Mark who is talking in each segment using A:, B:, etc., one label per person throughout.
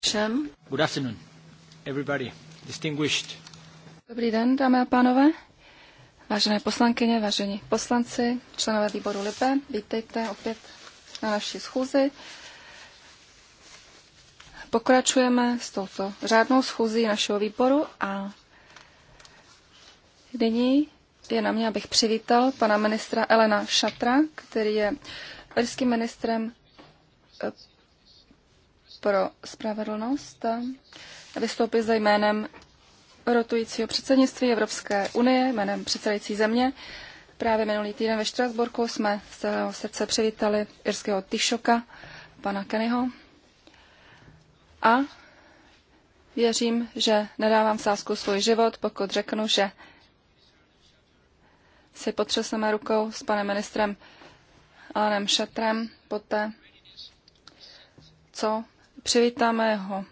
A: všem.
B: Good afternoon, everybody. Distinguished.
A: Dobrý den, dámy a pánové. Vážené poslankyně, vážení poslanci, členové výboru LIPE, vítejte opět na naší schůzi. Pokračujeme s touto řádnou schůzí našeho výboru a nyní je na mě, abych přivítal pana ministra Elena Šatra, který je irským ministrem pro spravedlnost vystoupit za jménem rotujícího předsednictví Evropské unie, jménem předsedající země. Právě minulý týden ve Štrasburku jsme z celého srdce přivítali irského Tyšoka, pana Kennyho. A věřím, že nedávám v sázku svůj život, pokud řeknu, že si potřesneme rukou s panem ministrem Alanem Šetrem poté, co Přivítáme jeho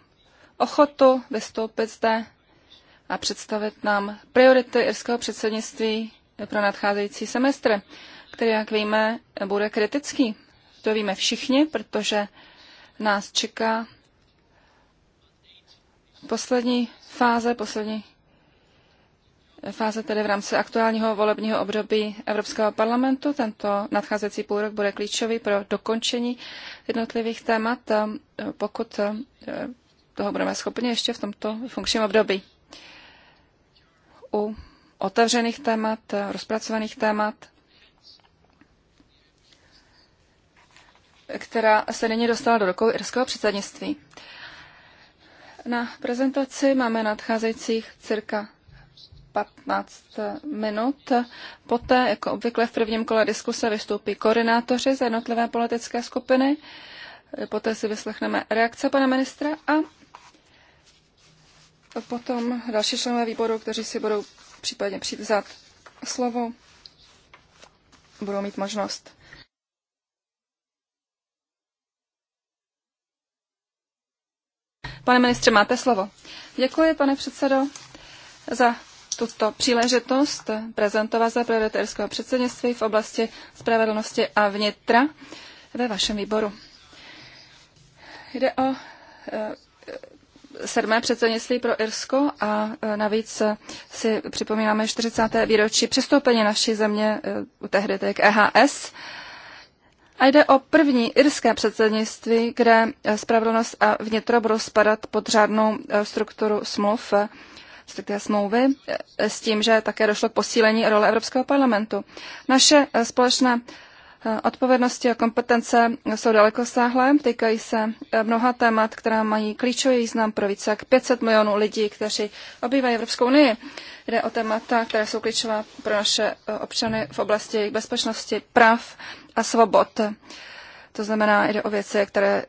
A: ochotu vystoupit zde a představit nám priority irského předsednictví pro nadcházející semestr, který, jak víme, bude kritický. To víme všichni, protože nás čeká poslední fáze, poslední fáze tedy v rámci aktuálního volebního období Evropského parlamentu. Tento nadcházející půlrok bude klíčový pro dokončení jednotlivých témat, e, pokud e, toho budeme schopni ještě v tomto funkčním období. U otevřených témat, e, rozpracovaných témat, která se nyní dostala do rukou irského předsednictví. Na prezentaci máme nadcházejících cirka 15 minut. Poté, jako obvykle v prvním kole diskuse, vystoupí koordinátoři z jednotlivé politické skupiny. Poté si vyslechneme reakce pana ministra a potom další členové výboru, kteří si budou případně přivzat slovo, budou mít možnost Pane ministře, máte slovo. Děkuji, pane předsedo, za tuto příležitost prezentovat za prioritérského předsednictví v oblasti spravedlnosti a vnitra ve vašem výboru. Jde o eh, sedmé předsednictví pro Irsko a eh, navíc eh, si připomínáme 40. výročí přistoupení naší země tehdy k EHS. A jde o první irské předsednictví, kde spravedlnost a vnitro budou spadat pod řádnou strukturu smluv respektive smlouvy, eh, s tím, že také došlo k posílení role Evropského parlamentu. Naše eh, společné eh, odpovědnosti a kompetence jsou sáhlé, týkají se mnoha témat, která mají klíčový význam pro více jak 500 milionů lidí, kteří obývají Evropskou unii. Jde o témata, která jsou klíčová pro naše občany v oblasti jejich bezpečnosti, práv a svobod. To znamená, jde o věci, které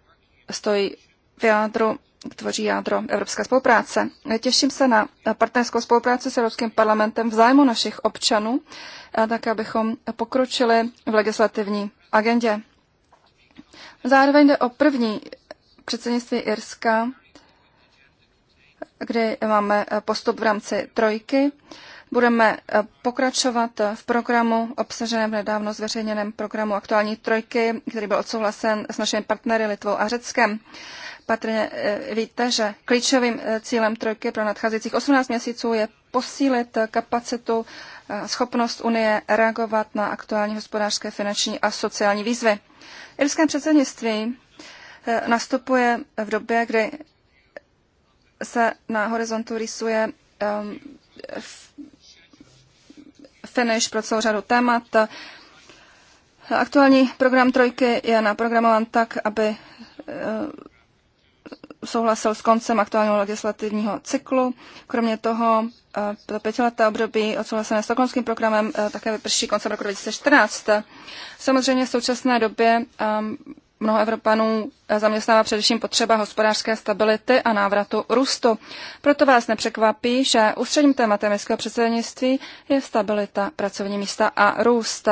A: stojí v jádru tvoří jádro evropské spolupráce. Těším se na partnerskou spolupráci s Evropským parlamentem v zájmu našich občanů, tak abychom pokročili v legislativní agendě. Zároveň jde o první předsednictví Irska, kdy máme postup v rámci trojky. Budeme pokračovat v programu obsaženém v nedávno zveřejněném programu aktuální trojky, který byl odsouhlasen s našimi partnery Litvou a Řeckem patrně eh, víte, že klíčovým eh, cílem trojky pro nadcházejících 18 měsíců je posílit eh, kapacitu schopnost Unie reagovat na aktuální hospodářské, finanční a sociální výzvy. Irské předsednictví nastupuje v době, kdy se na horizontu rysuje ehm, finish pro celou řadu témat. Aktuální program trojky je naprogramován tak, aby souhlasil s koncem aktuálního legislativního cyklu. Kromě toho eh, to pětileté období odsouhlasené stokholmským programem eh, také vyprší koncem roku 2014. Samozřejmě v současné době eh, mnoho Evropanů zaměstnává především potřeba hospodářské stability a návratu růstu. Proto vás nepřekvapí, že ústředním tématem městského předsednictví je stabilita, pracovní místa a růst.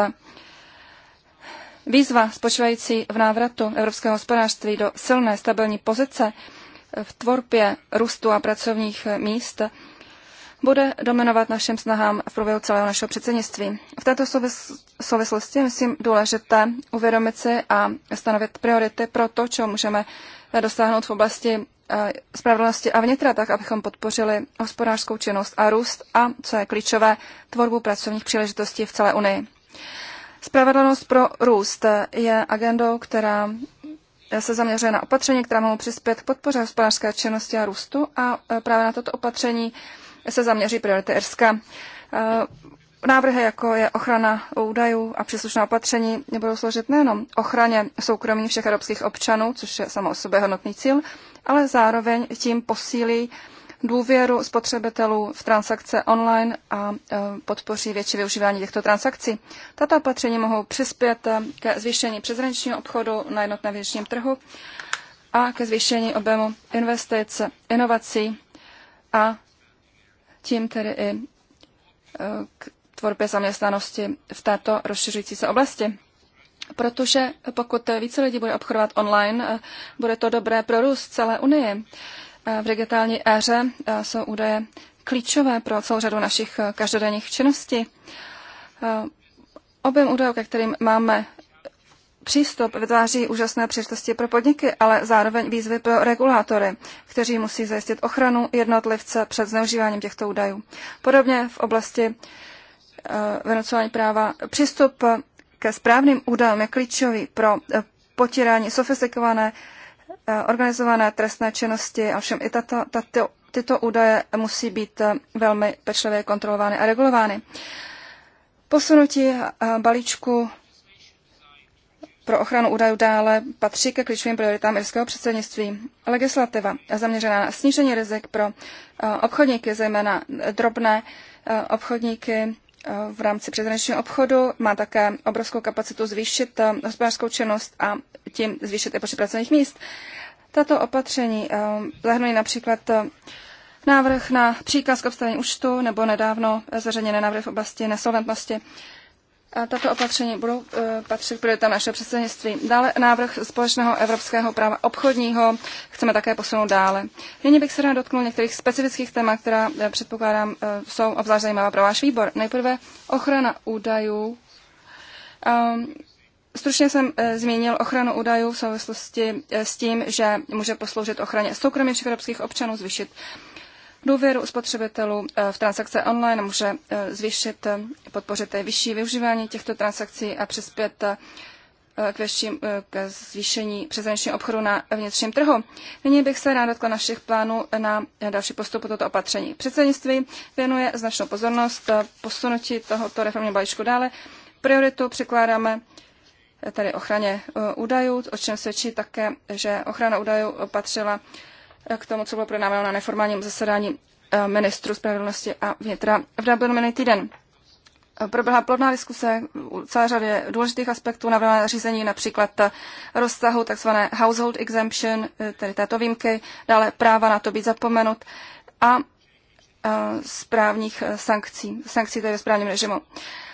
A: Výzva spočívající v návratu evropského hospodářství do silné stabilní pozice v tvorbě růstu a pracovních míst bude dominovat našim snahám v průběhu celého našeho předsednictví. V této souvislosti myslím důležité uvědomit si a stanovit priority pro to, čeho můžeme dosáhnout v oblasti eh, spravedlnosti a vnitra, tak abychom podpořili hospodářskou činnost a růst a, co je klíčové, tvorbu pracovních příležitostí v celé Unii. Spravedlnost pro růst je agendou, která se zaměřuje na opatření, která mohou přispět k podpoře hospodářské činnosti a růstu a e, právě na toto opatření se zaměří priority Irska. E, návrhy, jako je ochrana údajů a příslušná opatření, budou složit nejenom ochraně soukromí všech evropských občanů, což je samo o sobě hodnotný cíl, ale zároveň tím posílí důvěru spotřebitelů v transakce online a e, podpoří větší využívání těchto transakcí. Tato opatření mohou přispět e, ke zvýšení přezraničního obchodu na jednotném vnitřním trhu a ke zvýšení objemu investic, inovací a tím tedy i e, k tvorbě zaměstnanosti v této rozšiřující se oblasti. Protože pokud více lidí bude obchodovat online, bude to dobré pro růst celé Unie v digitální éře jsou údaje klíčové pro celou řadu našich e, každodenních činností. E, objem údajů, ke kterým máme přístup, vytváří úžasné příležitosti pro podniky, ale zároveň výzvy pro regulátory, kteří musí zajistit ochranu jednotlivce před zneužíváním těchto údajů. Podobně v oblasti e, vynucování práva přístup ke správným údajům je klíčový pro potírání sofistikované Eh, organizované trestné činnosti, ovšem i tato, tato, tyto údaje musí být eh, velmi pečlivě kontrolovány a regulovány. Posunutí eh, balíčku pro ochranu údajů dále patří ke klíčovým prioritám irského předsednictví. Legislativa zaměřená na snížení rizik pro obchodníky, zejména drobné obchodníky v rámci přeshraničního obchodu, má také obrovskou kapacitu zvýšit hospodářskou činnost a tím zvýšit i počet pracovních míst. Tato opatření eh, zahrnují například eh, návrh na příkaz k obstavení účtu nebo nedávno eh, zveřejněné návrhy v oblasti nesolventnosti. A tato opatření budou uh, patřit prioritám našeho předsednictví. Dále návrh společného evropského práva obchodního chceme také posunout dále. Nyní bych se rád dotknul některých specifických témat, která já předpokládám uh, jsou obzvlášť zajímavá pro váš výbor. Nejprve ochrana údajů. Um, Stručně jsem eh, zmínil ochranu údajů v souvislosti eh, s tím, že může posloužit ochraně soukromí všech evropských občanů, zvýšit důvěru spotřebitelů eh, v transakce online, může zvýšit, podpořit vyšší využívání těchto transakcí a přispět k, větším, k zvýšení přeshraničního obchodu na vnitřním trhu. Nyní bych se rád dotkla našich plánů na další postup toto opatření. Předsednictví věnuje značnou pozornost posunutí tohoto reformního balíčku dále. Prioritu překládáme tedy ochraně e, údajů, o čem svědčí také, že ochrana údajů patřila e, k tomu, co bylo projednáváno na neformálním zasedání e, ministru spravedlnosti a vnitra v Dublinu minulý týden. Proběhla plodná diskuse u celé řady důležitých aspektů navrhovaného řízení, například rozsahu tzv. household exemption, tedy této výjimky, dále práva na to být zapomenut a správních sankcí, sankcí tedy v správním režimu.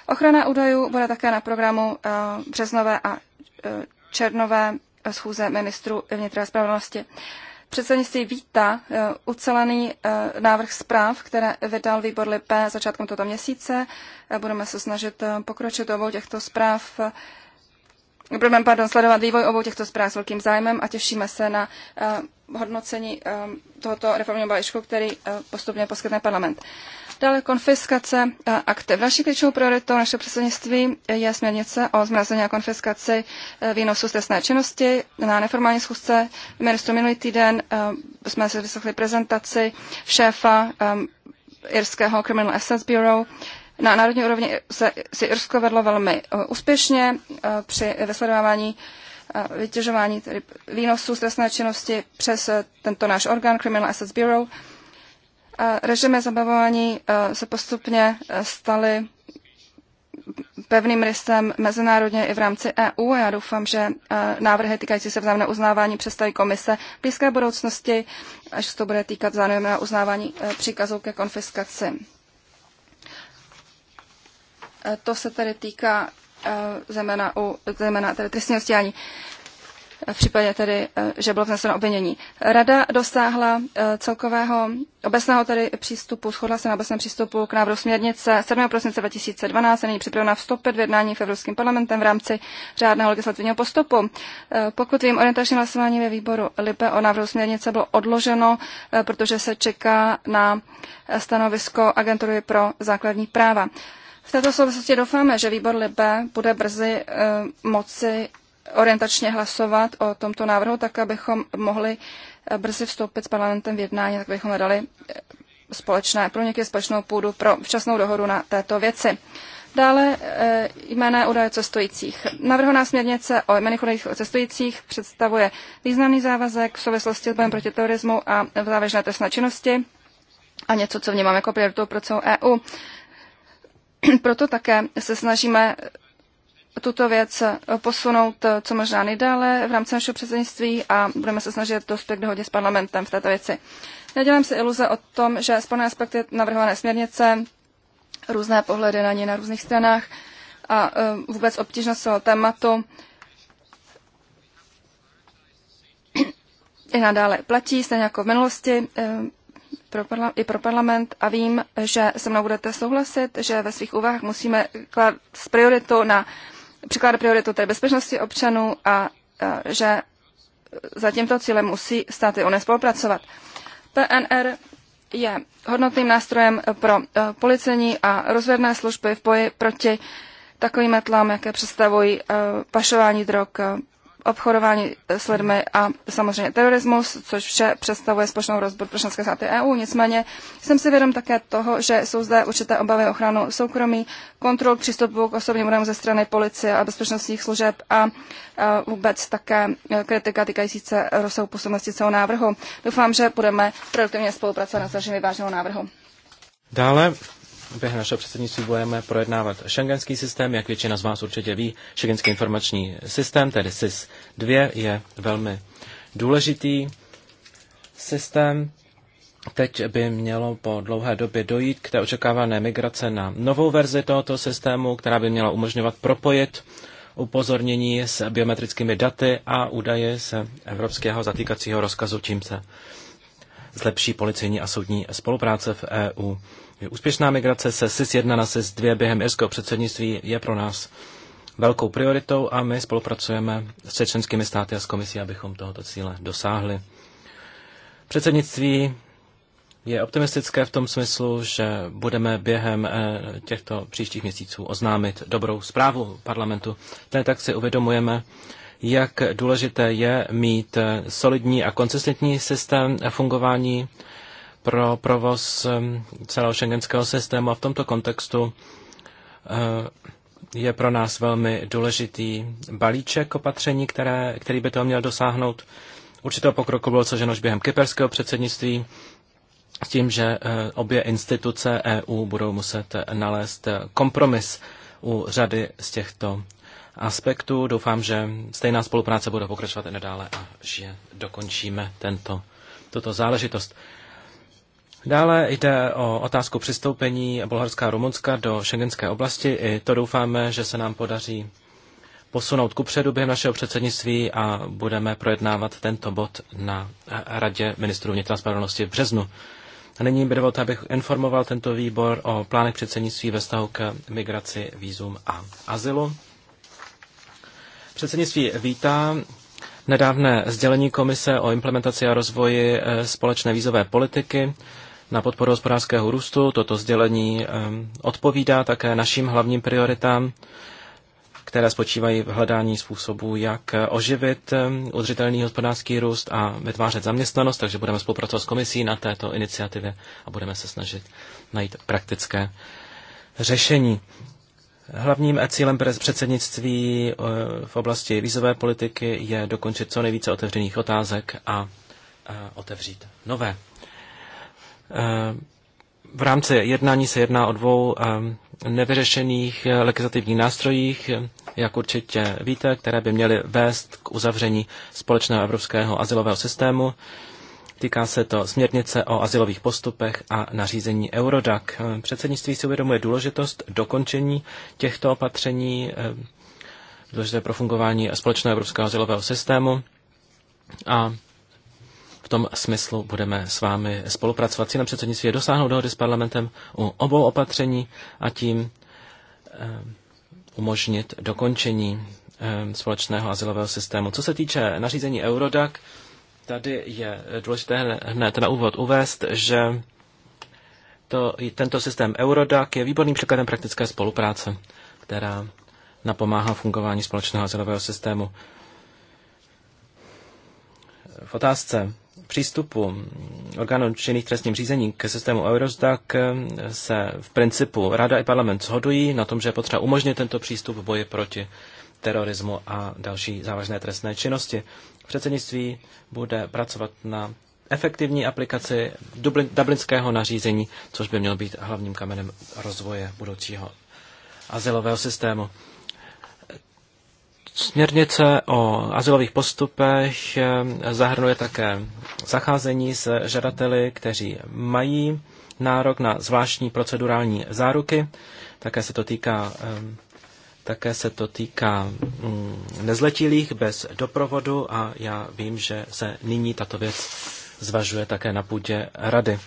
A: Ochrana údajů bude také na programu eh, březnové a eh, černové schůze ministru vnitra a spravedlnosti. Předsednictví vítá eh, ucelený návrh zpráv, které vydal výbor LIPE začátkem tohoto měsíce. Budeme se snažit pokročit obou těchto zpráv budeme pardon, sledovat vývoj obou těchto zpráv s velkým zájmem a těšíme se na uh, hodnocení um, tohoto reformního balíčku, který uh, postupně poskytne parlament. Dále konfiskace a aktiv. Naší klíčovou prioritou našeho předsednictví je směrnice o zmrazení a konfiskaci výnosů z trestné činnosti. Na neformální schůzce ministru minulý týden uh, jsme si vyslechli prezentaci šéfa um, irského Criminal Assets Bureau, na národní úrovni se, si Irsko vedlo velmi eh, úspěšně eh, při vysledování eh, vytěžování tedy výnosů z trestné činnosti přes tento náš orgán Criminal Assets Bureau. Režimy zabavování se postupně staly pevným rysem mezinárodně i v rámci EU já doufám, že návrhy týkající se vzájemného uznávání představí komise v blízké budoucnosti, až se to bude týkat vzájemného uznávání příkazů ke konfiskaci. Eh, to se tedy týká eh, zejména, u, zejména tedy trestního stíhání v eh, případě tedy, že bylo vzneseno obvinění. Rada dosáhla celkového obecného tedy přístupu, shodla se na obecném přístupu k návrhu směrnice 7. prosince 2012 a připravena vstoupit v jednání v Evropským parlamentem v rámci řádného legislativního postupu. Pokud vím, orientační hlasování ve výboru LIPE o návrhu směrnice bylo odloženo, protože se čeká na stanovisko agentury pro základní práva. V této souvislosti doufáme, že výbor Libe bude brzy eh, moci orientačně hlasovat o tomto návrhu, tak abychom mohli eh, brzy vstoupit s parlamentem v jednání, tak abychom hledali eh, společné, pro společnou půdu pro včasnou dohodu na této věci. Dále jména údaje cestujících. Navrhovaná směrnice o jménech údajích cestujících představuje významný závazek v souvislosti s bojem proti terorismu a závažné trestné činnosti a něco, co vnímám jako prioritu pro celou EU. proto také se snažíme tuto věc posunout co možná nejdále v rámci našeho předsednictví a budeme se snažit dospět k dohodě s parlamentem v této věci. Nedělám si iluze o tom, že sporné aspekty navrhované směrnice, různé pohledy na ně na různých stranách a e, vůbec obtížnost toho tématu i nadále platí, stejně jako v minulosti. E, pro parla- i pro parlament a vím, že se mnou budete souhlasit, že ve svých úvahách musíme klást prioritu na přikládat prioritu té bezpečnosti občanů a, a e, že za tímto cílem musí státy UNE spolupracovat. PNR je hodnotným nástrojem pro e, policení a rozvědné služby v boji proti takovým metlám, jaké představují e, pašování drog, obchodování s lidmi a samozřejmě terorismus, což vše představuje společnou rozbor pro členské státy EU. Nicméně jsem si vědom také toho, že jsou zde určité obavy ochranu soukromí, kontrol přístupu k osobním údajům ze strany policie a bezpečnostních služeb a, a vůbec také e, kritika týkající se rozsahu působnosti celého návrhu. Doufám, že budeme produktivně spolupracovat na zažení vážného návrhu.
B: Dále během našeho předsednictví budeme projednávat šengenský systém, jak většina z vás určitě ví. Šengenský informační systém, tedy SIS-2, je velmi důležitý systém. Teď by mělo po dlouhé době dojít k té očekávané migrace na novou verzi tohoto systému, která by měla umožňovat propojit upozornění s biometrickými daty a údaje se evropského zatýkacího rozkazu, čím se zlepší policejní a soudní spolupráce v EU. Úspěšná migrace se SIS-1 na SIS-2 během irského předsednictví je pro nás velkou prioritou a my spolupracujeme s členskými státy a s komisí, abychom tohoto cíle dosáhli. Předsednictví je optimistické v tom smyslu, že budeme během eh, těchto příštích měsíců oznámit dobrou zprávu parlamentu. Tady tak si uvědomujeme, jak důležité je mít solidní a konsistentní systém fungování pro provoz um, celého šengenského systému. A v tomto kontextu uh, je pro nás velmi důležitý balíček opatření, které, který by to měl dosáhnout. Určitého pokroku bylo což už během kyperského předsednictví s tím, že uh, obě instituce EU budou muset nalézt kompromis u řady z těchto Aspektu Doufám, že stejná spolupráce bude pokračovat i nadále a že dokončíme tento, tuto záležitost. Dále jde o otázku přistoupení Bulharska a Rumunska do šengenské oblasti. I to doufáme, že se nám podaří posunout kupředu během našeho předsednictví a budeme projednávat tento bod na Radě ministrů vnitra spravedlnosti v březnu. A nyní by dovolte, abych informoval tento výbor o plánech předsednictví ve vztahu k migraci, výzum a azylu. Předsednictví vítá nedávné sdělení Komise o implementaci a rozvoji eh, společné vízové politiky na podporu hospodářského růstu. Toto sdělení eh, odpovídá také našim hlavním prioritám, které spočívají v hledání způsobů, jak eh, oživit udržitelný hospodářský růst a vytvářet zaměstnanost, takže budeme spolupracovat s komisí na této iniciativě a budeme se snažit najít praktické řešení. Hlavním cílem předsednictví eh, v oblasti vízové politiky je dokončit co nejvíce otevřených otázek a eh, otevřít nové. Eh, v rámci jednání se jedná o dvou nevyřešených legislativních nástrojích, jak určitě víte, které by měly vést k uzavření společného evropského asilového systému. Týká se to směrnice o asilových postupech a nařízení Eurodac. Předsednictví si uvědomuje důležitost dokončení těchto opatření, eh, důležité pro fungování společného evropského asilového systému a v tom smyslu budeme s vámi spolupracovat. Cílem předsednictví je dosáhnout dohody s parlamentem u obou opatření a tím eh, umožnit dokončení eh, společného asilového systému. Co se týče nařízení Eurodac, Tady je důležité hned na úvod uvést, že to, tento systém Eurodac je výborným příkladem praktické spolupráce, která napomáhá fungování společného azylového systému. V otázce přístupu orgánů činných trestním řízení k systému Eurodac se v principu Rada i parlament shodují na tom, že je potřeba umožnit tento přístup v boji proti terorismu a další závažné trestné činnosti. Předsednictví bude pracovat na efektivní aplikaci Dublin, dublinského nařízení, což by mělo být hlavním kamenem rozvoje budoucího azylového systému. Směrnice o azylových postupech eh, zahrnuje také zacházení s žadateli, kteří mají nárok na zvláštní procedurální záruky. Také se to týká eh, také se to týká mm, nezletilých bez doprovodu a já vím, že se nyní tato věc zvažuje také na půdě rady.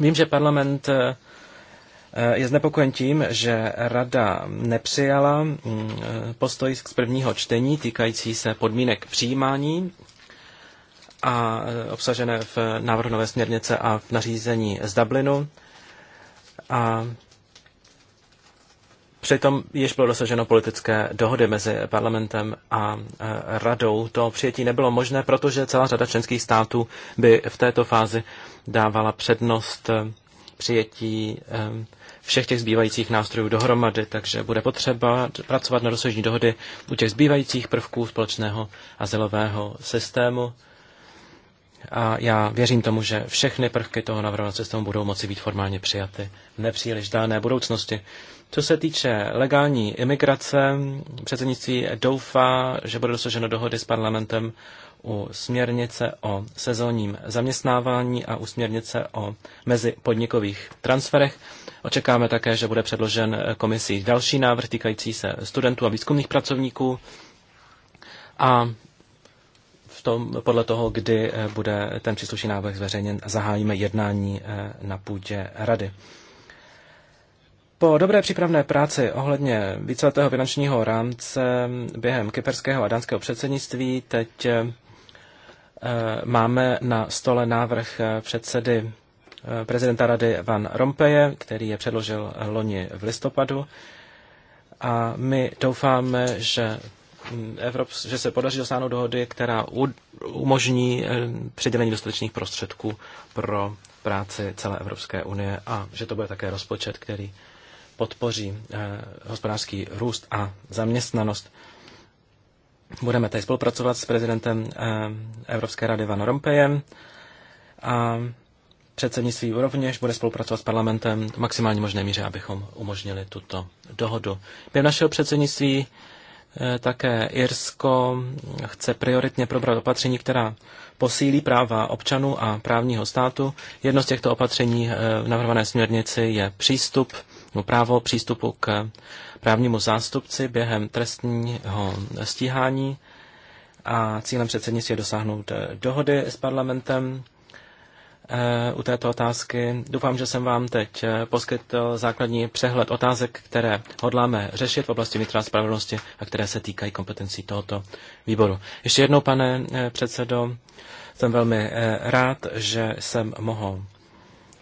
B: Vím, že parlament eh, je znepokojen tím, že rada nepřijala mm, eh, postoj z prvního čtení týkající se podmínek přijímání a eh, obsažené v návrhu nové směrnice a v nařízení z Dublinu. A Přitom již bylo dosaženo politické dohody mezi parlamentem a e, radou. To přijetí nebylo možné, protože celá řada členských států by v této fázi dávala přednost e, přijetí e, všech těch zbývajících nástrojů dohromady, takže bude potřeba pracovat na dosažení dohody u těch zbývajících prvků společného azylového systému. A já věřím tomu, že všechny prvky toho navrhovaného systému budou moci být formálně přijaty v nepříliš dálné budoucnosti. Co se týče legální imigrace, předsednictví doufá, že bude dosaženo dohody s parlamentem u směrnice o sezónním zaměstnávání a u směrnice o mezipodnikových transferech. Očekáme také, že bude předložen komisí další návrh týkající se studentů a výzkumných pracovníků a v tom, podle toho, kdy bude ten příslušný návrh zveřejněn, zahájíme jednání eh, na půdě rady. Po dobré přípravné práci ohledně víceletého finančního rámce během kyperského a dánského předsednictví teď eh, máme na stole návrh eh, předsedy eh, prezidenta rady Van Rompeje, který je předložil loni v listopadu. A my doufáme, že, mm, Evrop, že se podaří dosáhnout dohody, která umožní přidělení dostatečných prostředků pro práci celé Evropské unie a že to bude také rozpočet, který podpoří eh, hospodářský růst a zaměstnanost. Budeme tady spolupracovat s prezidentem eh, Evropské rady Van Rompejem a předsednictví rovněž bude spolupracovat s parlamentem v maximální možné míře, abychom umožnili tuto dohodu. Během našeho předsednictví eh, také Irsko chce prioritně probrat opatření, která posílí práva občanů a právního státu. Jedno z těchto opatření v navrhované směrnici je přístup no, právo přístupu k právnímu zástupci během trestního stíhání a cílem předsednictví je dosáhnout eh, dohody s parlamentem eh, u této otázky. Doufám, že jsem vám teď eh, poskytl základní přehled otázek, které hodláme řešit v oblasti vnitra spravedlnosti a které se týkají kompetencí tohoto výboru. Ještě jednou, pane předsedo, jsem velmi rád, že jsem mohl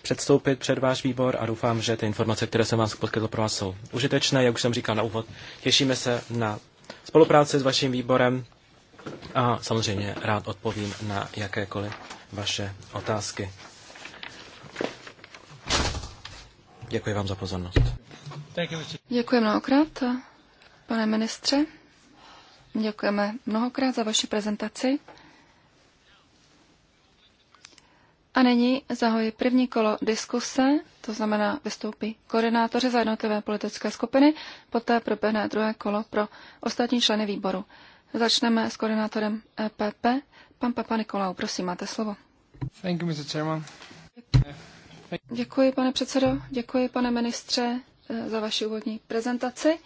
B: předstoupit před váš výbor a doufám, že ty informace, které jsem vám poskytl pro vás, jsou užitečné. Jak už jsem říkal na úvod, těšíme se na spolupráci s vaším výborem a samozřejmě rád odpovím na jakékoliv vaše otázky. Děkuji vám za pozornost.
A: Děkuji mnohokrát, pane ministře. Děkujeme mnohokrát za vaši prezentaci. A nyní zahoji první kolo diskuse, to znamená vystoupí koordinátoři za jednotlivé politické skupiny, poté proběhne druhé kolo pro ostatní členy výboru. Začneme s koordinátorem EPP. Pan Papa Nikolau, prosím, máte slovo. Thank you, Mr. Chairman. Děkuji, pane předsedo, děkuji, pane ministře, eh, za vaši úvodní prezentaci.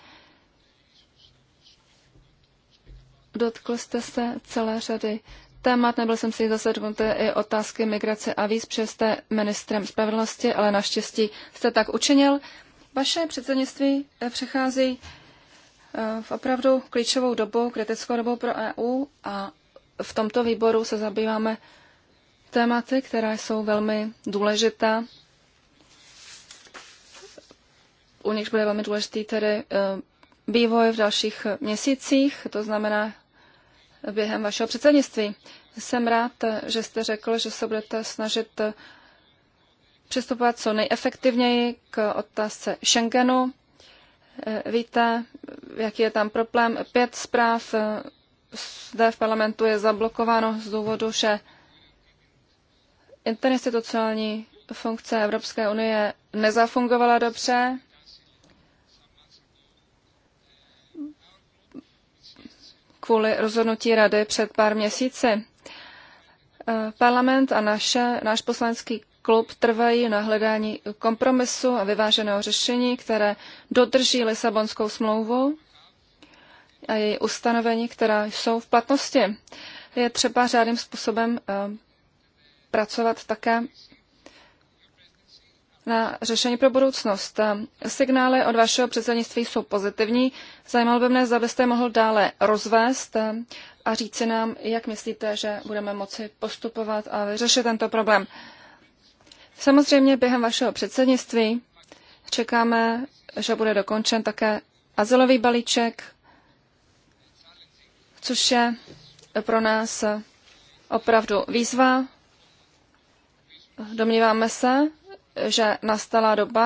A: Dotkl jste se celé řady témat. Nebyl jsem si zase dovolte eh, i otázky migrace a víc přes jste ministrem spravedlnosti, ale naštěstí jste tak učinil. Vaše předsednictví eh, přechází eh, v opravdu klíčovou dobu, kritickou dobu pro EU a v tomto výboru se zabýváme tématy, která jsou velmi důležitá. U nich bude velmi důležitý tedy vývoj v dalších měsících, to znamená během vašeho předsednictví. Jsem rád, že jste řekl, že se budete snažit přistupovat co nejefektivněji k otázce Schengenu. Víte, jaký je tam problém. Pět zpráv zde v parlamentu je zablokováno z důvodu, že interinstitucionální funkce Evropské unie nezafungovala dobře kvůli rozhodnutí rady před pár měsíci. Eh, Parlament a naše, náš poslanecký klub trvají na hledání kompromisu a vyváženého řešení, které dodrží Lisabonskou smlouvu a její ustanovení, která jsou v platnosti. Je třeba řádným způsobem eh, pracovat také na řešení pro budoucnost. Signály od vašeho předsednictví jsou pozitivní. Zajímalo by mě, zda byste mohl dále rozvést a říci nám, jak myslíte, že budeme moci postupovat a vyřešit tento problém. Samozřejmě během vašeho předsednictví čekáme, že bude dokončen také azylový balíček, což je pro nás opravdu výzva. Domníváme se, že nastala doba,